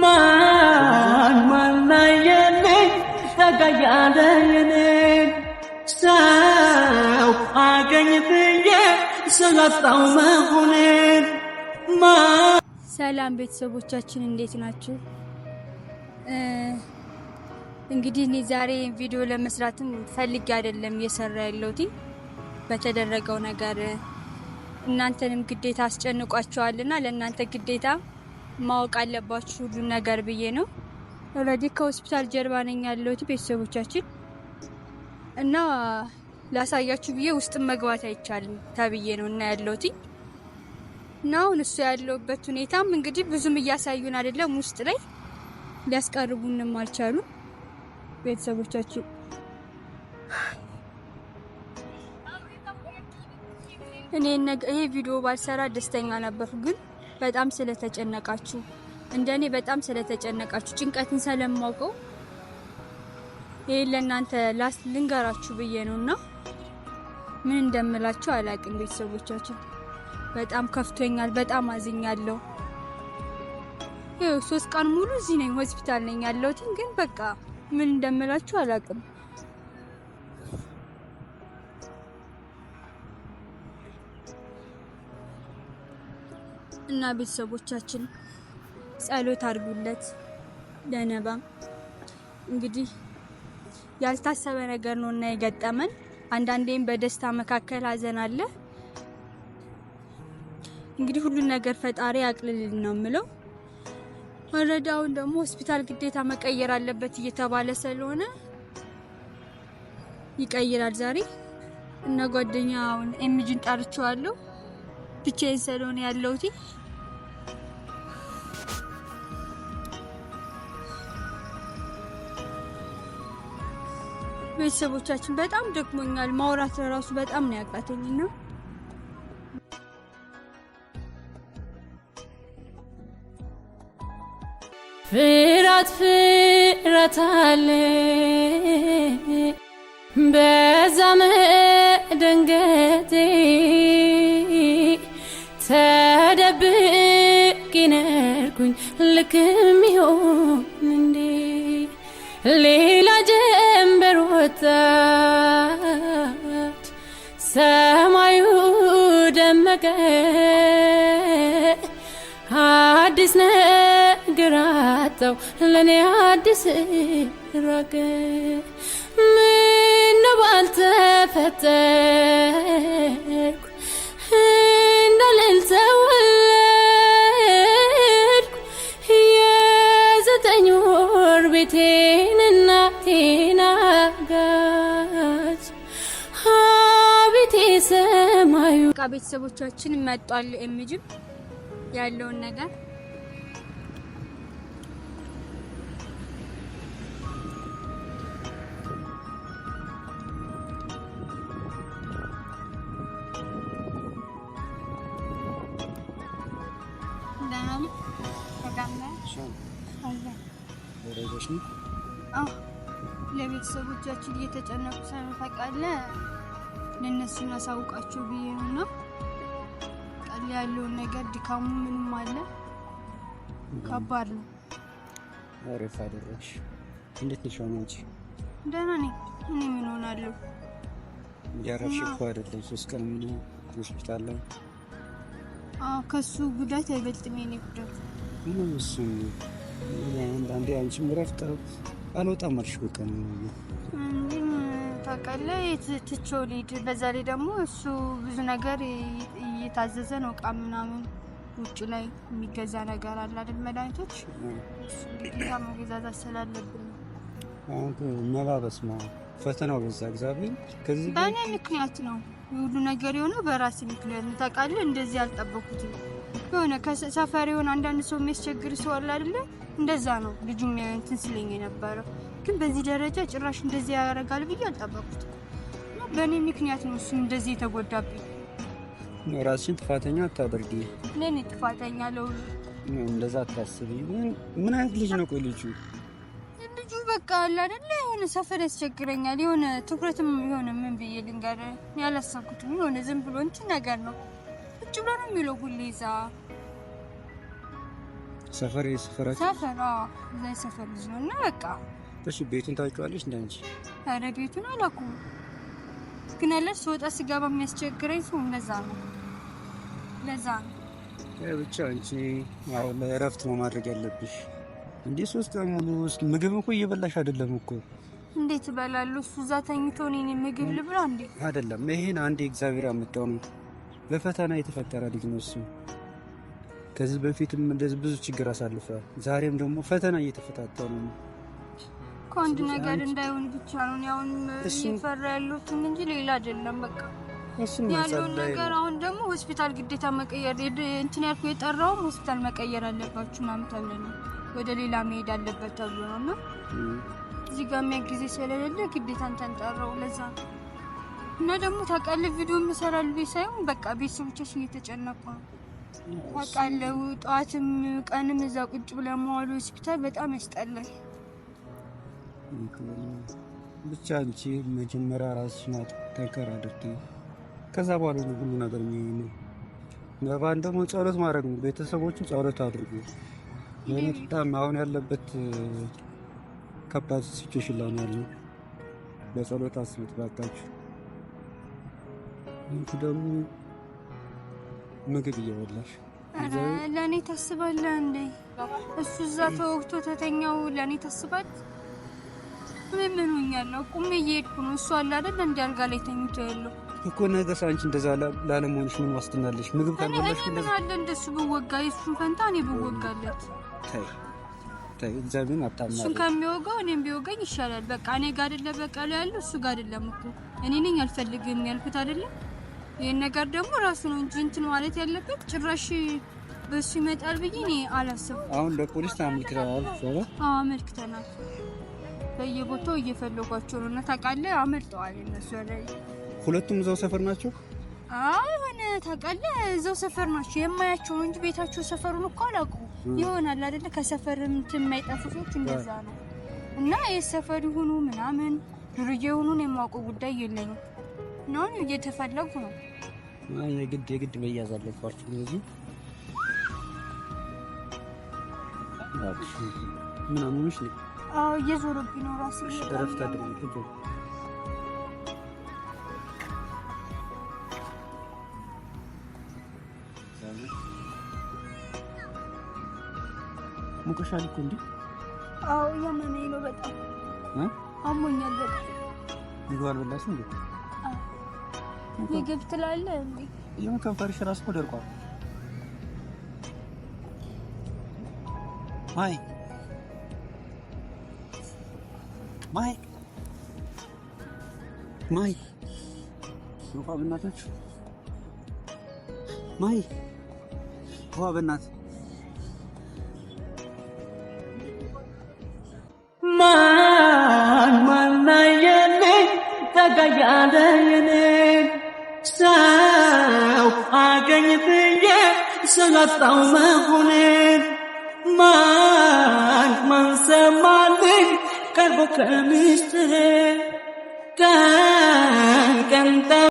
ማን ሰው አገኝ ብዬ ስላጣው መሆኔን ሰላም ቤተሰቦቻችን እንዴት ናችሁ? እንግዲህ እኔ ዛሬ ቪዲዮ ለመስራትም ፈልጌ አይደለም እየሰራ ያለሁት። በተደረገው ነገር እናንተንም ግዴታ አስጨንቋቸዋልና ለእናንተ ግዴታ ማወቅ አለባችሁ ሁሉን ነገር ብዬ ነው። ኦልሬዲ ከሆስፒታል ጀርባ ነኝ ያለሁት ቤተሰቦቻችን እና ላሳያችሁ ብዬ ውስጥም መግባት አይቻልም ተብዬ ነው እና ያለሁት እና አሁን እሱ ያለውበት ሁኔታም እንግዲህ ብዙም እያሳዩን አይደለም። ውስጥ ላይ ሊያስቀርቡንም አልቻሉ ቤተሰቦቻችን እኔ ይሄ ቪዲዮ ባልሰራ ደስተኛ ነበርኩ ግን በጣም ስለተጨነቃችሁ እንደኔ በጣም ስለተጨነቃችሁ ጭንቀትን ስለማውቀው ይህ ለእናንተ ላስ ልንገራችሁ ብዬ ነው እና ምን እንደምላችሁ አላቅም። ቤተሰቦቻችን በጣም ከፍቶኛል፣ በጣም አዝኛለሁ። ይኸው ሶስት ቀን ሙሉ እዚህ ነኝ ሆስፒታል ነኝ ያለሁት፣ ግን በቃ ምን እንደምላችሁ አላቅም። እና ቤተሰቦቻችን ጸሎት አድርጉለት ለነባ። እንግዲህ ያልታሰበ ነገር ነው እና የገጠመን። አንዳንዴም በደስታ መካከል ሀዘን አለ። እንግዲህ ሁሉን ነገር ፈጣሪ አቅልልን ነው የምለው። ወረዳውን ደግሞ ሆስፒታል ግዴታ መቀየር አለበት እየተባለ ስለሆነ ይቀይራል ዛሬ እና ጓደኛውን ኤምጂን ጣርቸዋለሁ። ብቻዬን ስለሆነ ያለሁት ቤተሰቦቻችን በጣም ደክሞኛል። ማውራት ለራሱ በጣም ነው ያቃተኝ ነው። ፍራት ፍራት አለ በዛ መደንገጤ ነርኩኝ ልክም ይሆን እንዴ ሲከሰት ሰማዩ ደመቀ፣ አዲስ ነገር አጣው ለኔ አዲስ ራቀ። ምነው ባልተፈጠርኩ እንዳልል ሰው ቤተሰቦቻችን መጧል። የምጅብ ያለውን ነገር ለቤተሰቦቻችን እየተጨነቁ ሳይሆን ታውቃለህ ለእነሱ ላሳውቃችሁ ብዬ ነው። እና ቀል ያለውን ነገር ድካሙ ምንም አለ ከባድ ነው። አሪፍ አደረግሽ። እንዴት ነሽ አንቺ? ደህና ነኝ። እኔ ምን ሆናለሁ? ያረፍሽ እኮ አይደለም ሶስት ቀን ምን ሆስፒታል ላይ ከሱ ጉዳት አይበልጥም። የኔ ጉዳት ምንም እሱ አንዳንዴ አንቺም እረፍት አልወጣም አልሽ ነው ታውቃለህ፣ የትችው ሊድ በዛ ላይ ደግሞ እሱ ብዙ ነገር እየታዘዘ ነው። እቃ ምናምን ውጭ ላይ የሚገዛ ነገር አለ አይደል? መድኃኒቶች ግዴታ መገዛዛት ስላለብን አሁን መባበስ ነው ፈተናው በዛ። እግዚአብሔር ከዚህ በእኔ ምክንያት ነው ሁሉ ነገር የሆነው በራሴ ምክንያት ነው። ታውቃለህ፣ እንደዚህ አልጠበኩትም። የሆነ ከሰፈር የሆነ አንዳንድ ሰው የሚያስቸግር ሰው አለ አይደለ? እንደዛ ነው ልጁ እንትን ሲለኝ የነበረው ግን በዚህ ደረጃ ጭራሽ እንደዚህ ያደርጋል ብዬ አልጠበኩት። በእኔ ምክንያት ነው እሱም እንደዚህ የተጎዳብኝ። ራስሽን ጥፋተኛ አታደርጊ። ለእኔ ጥፋተኛ ለሁሉ እንደዛ አታስቢ። ምን አይነት ልጅ ነው? ቆይ ልጁ ልጁ በቃ አለ አይደለ የሆነ ሰፈር ያስቸግረኛል። የሆነ ትኩረትም የሆነ ምን ብዬ ልንገር ያላሰብኩትም የሆነ ዝም ብሎ እንትን ነገር ነው። እጭ ብሎ ነው የሚለው ሁሌ እዛ ሰፈር የሰፈራት ሰፈር እዛ የሰፈር ልጅ ነው እና በቃ እሺ። ቤቱን ታውቂዋለሽ? እንደ አንቺ ኧረ ቤቱን አላውቅም፣ ግን ያለሽ ስወጣ ስገባ የሚያስቸግረኝ ሰው ለዛ ነው ለዛ ነው ብቻ። አንቺ ያው ለእረፍት ነው ማድረግ ያለብሽ። እንዴ ሶስት ቀን ሙሉ እስኪ ምግብ እኮ እየበላሽ አይደለም እኮ እንዴት እበላለሁ? እሱ እዛ ተኝቶ እኔን ምግብ ልብላ እንዴ? አይደለም፣ ይሄን አንዴ እግዚአብሔር ያመጣው ነው። በፈተና የተፈጠረ ልጅ ነው እሱ ከዚህ በፊትም እንደዚህ ብዙ ችግር አሳልፈዋል። ዛሬም ደግሞ ፈተና እየተፈታተኑ ነው። ከአንድ ነገር እንዳይሆን ብቻ ነው ያሁን እየፈራ ያሉትን እንጂ ሌላ አይደለም። በቃ ያለውን ነገር አሁን ደግሞ ሆስፒታል ግዴታ መቀየር እንትን ያልኩ የጠራውም ሆስፒታል መቀየር አለባችሁ ምናምን ተብለን ነው ወደ ሌላ መሄድ አለበት ተብሎ ነው እና እዚህ ጋር የሚያ ጊዜ ስለሌለ ግዴታ እንትን ጠራው ለዛ ነው እና ደግሞ ታውቃለህ ቪዲዮ የምሰራሉ ሳይሆን በቃ ቤተሰቦቻችን እየተጨነቁ ነው አውቃለሁ። ጠዋትም ቀንም እዛ ቁጭ ብለን መዋሉ ሆስፒታል በጣም ያስጠላል። ብቻ አንቺ መጀመሪያ ራስሽን ጠንከር አድርጊ። ከዛ በኋላ ነው ሁሉ ነገር የሚሆነው። ነባን ደግሞ ጸሎት ማድረግ ነው። ቤተሰቦቹ ጸሎት አድርጉ። በጣም አሁን ያለበት ከባድ ሲቹዌሽን ላይ ነው ያለው። በጸሎት አስቡት ባካችሁ። ደግሞ ምግብ እየበላሽ ለእኔ ታስባለ እንዴ? እሱ እዛ ተወግቶ ተተኛው ለእኔ ታስባል። ምን ምን ሆኛለሁ? ቁሜ እየሄድኩ ነው። እሱ አለ አይደል እንዲ አልጋ ላይ ተኝቶ ያለው እኮ ነገስ። አንቺ እንደዛ ላለመሆንሽ ምን ዋስትናለሽ? ምግብ ካልበላሽ ምን አለ እንደሱ ብወጋ፣ የእሱን ፈንታ እኔ ብወጋለት። ተይ ተይ፣ እግዚአብሔርን አታማሪ። እሱን ከሚወጋው እኔም ቢወገኝ ይሻላል። በቃ እኔ ጋር አይደለ በቀሉ ያለው እሱ ጋር አይደለም እኮ እኔ ነኝ አልፈልግም ያልኩት አይደለም ይህን ነገር ደግሞ ራሱ ነው እንጂ እንትን ማለት ያለበት ጭራሽ በሱ ይመጣል ብዬ እኔ አላሰብኩም። አሁን ለፖሊስ አመልክተናል። አመልክተናል በየቦታው እየፈለጓቸው ነው እና ታውቃለህ፣ አመልጠዋል እነሱ ላይ ሁለቱም እዛው ሰፈር ናቸው። አሁን ታውቃለህ፣ እዛው ሰፈር ናቸው የማያቸው እንጂ ቤታቸው ሰፈሩን እኮ አላውቀውም። ይሆናል አይደለ? ከሰፈር እንትን የማይጠፉ ሰዎች እንደዛ ነው እና የሰፈር ይሁኑ ምናምን ዱርዬ ይሁኑን የማውቀው ጉዳይ የለኝም። ነው እየተፈለጉ ነው። የግድ የግድ መያዝ አለባችሁ። ስለዚህ ምናምኖች ነው። አዎ እየዞረብኝ ነው ራሴ። እረፍት አድርጉ። ሙቀሻል እኮ እንዴ? አዎ እያመመኝ ነው በጣም አሞኛል በጣም። ምግብ አልበላሽም እንዴ? ምግብ ትላለ እንዴ? ይሄም ከንፈርሽ ራስ ደርቋል። ማይ ማይ ማይ ውሃ በእናትህ ማይ ውሃ በእናትህ ማን ማን ነየኔ ተጋያለኔ دیگه شلت دومه خونه من من سمالین قربو کمیشته کن کن